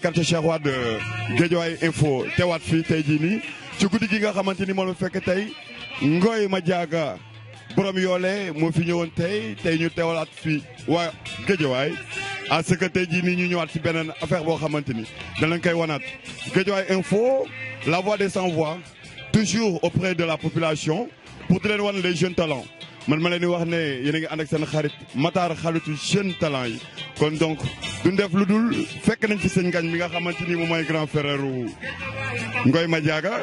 quartier Cheikh Wade info que voix des sans voix toujours auprès de la population pour les jeunes talents kon donc duñ def luddul fekk nañ ci señ Ngagne mi nga xamanteni mo moy grand frère Ngoy jaga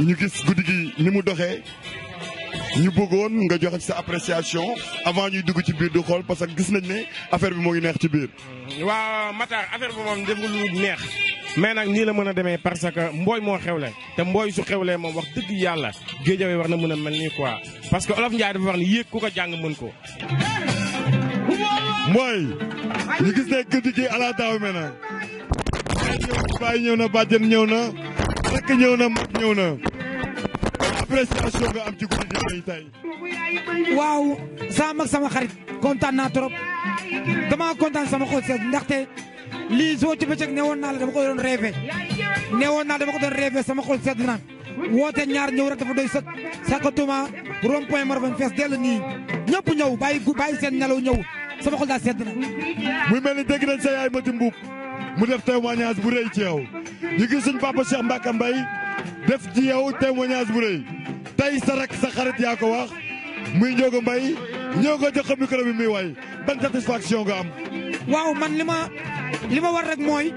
ñu gis guddigi ni mu doxé ñu bëggoon nga joxe ci appréciation avant ñuy dugg ci biir du xol parce que gis nañ né affaire bi mo ngi neex ci biir. wa mata affaire bu mom def lu neex. mais nak ni la mëna démé parce que mboy mo xewlé té mboy su xewlé mom wax dëgg yalla gëjëwé war na mëna melni quoi parce que olaf Ndiaye dafa wax ni yékk ku ko jang mën ko. mooy ñu gis ne guddi gi ala daaw me na baay ñëw na bàjjen ñëw na rakk ñëw na mag ñëw na appréciation nga am ci guddi gi tey waaw sama mag sama xarit kontaan naa trop dama kontaan sama xol seet ndaxte lii soo ci bëccëg ne woon naa la dama ko doon rêvé ne woon naa dama ko doon rêvé sama xol seet na woote ñaar ñëw rek dafa doy sëkk sakatuma rond point Marban fees dellu nii ñëpp ñëw bàyyi bàyyi seen nelaw ñëw sama xol daal sedd na. muy mel ni dégg nañ sa yaay Mati Mbuub mu def témoignage bu rëy ci yow ñu gis suñ papa Cheikh Mbacke Mbaye def ci yow témoignage bu rëy tey sa rak sa xarit yaa ko wax muy Ndiogo Mbaye ñëw nga jox ko micro bi muy way ban satisfaction nga am. waaw man li ma li ma war rek mooy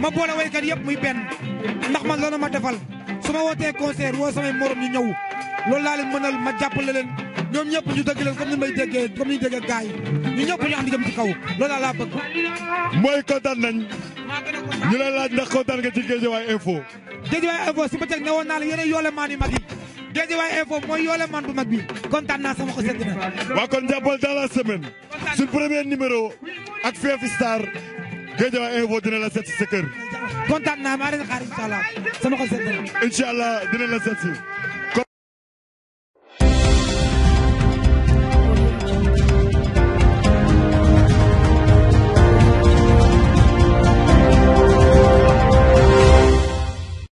ma boole waykat yëpp muy benn ndax man na ma defal su ma wootee concert woo samay morom ñu ñëw loolu laa leen mënal ma jàppale leen. ñoom ñëpp ñu dëgg leen comme ni may déggee comme ni ñu déggee gars yi ñu ñëpp ñu ànd jëm kaw loolu laa bëgg. mooy kontaan nañ. ñu lay laaj ndax kontaan nga ci Guédiawaye info. Guédiawaye si bëccëg ne woon naa la yéen yoole maan yu mag yi Guédiawaye info mooy yoole maan bu mag bi kontaan naa sama xol sedd na. waaw kon jàppal dans la semaine. premier numéro ak Fief Star Guédiawaye info dina la seet sa kër. kontaan naa maa leen xaar incha allah sama xol sedd na. la seet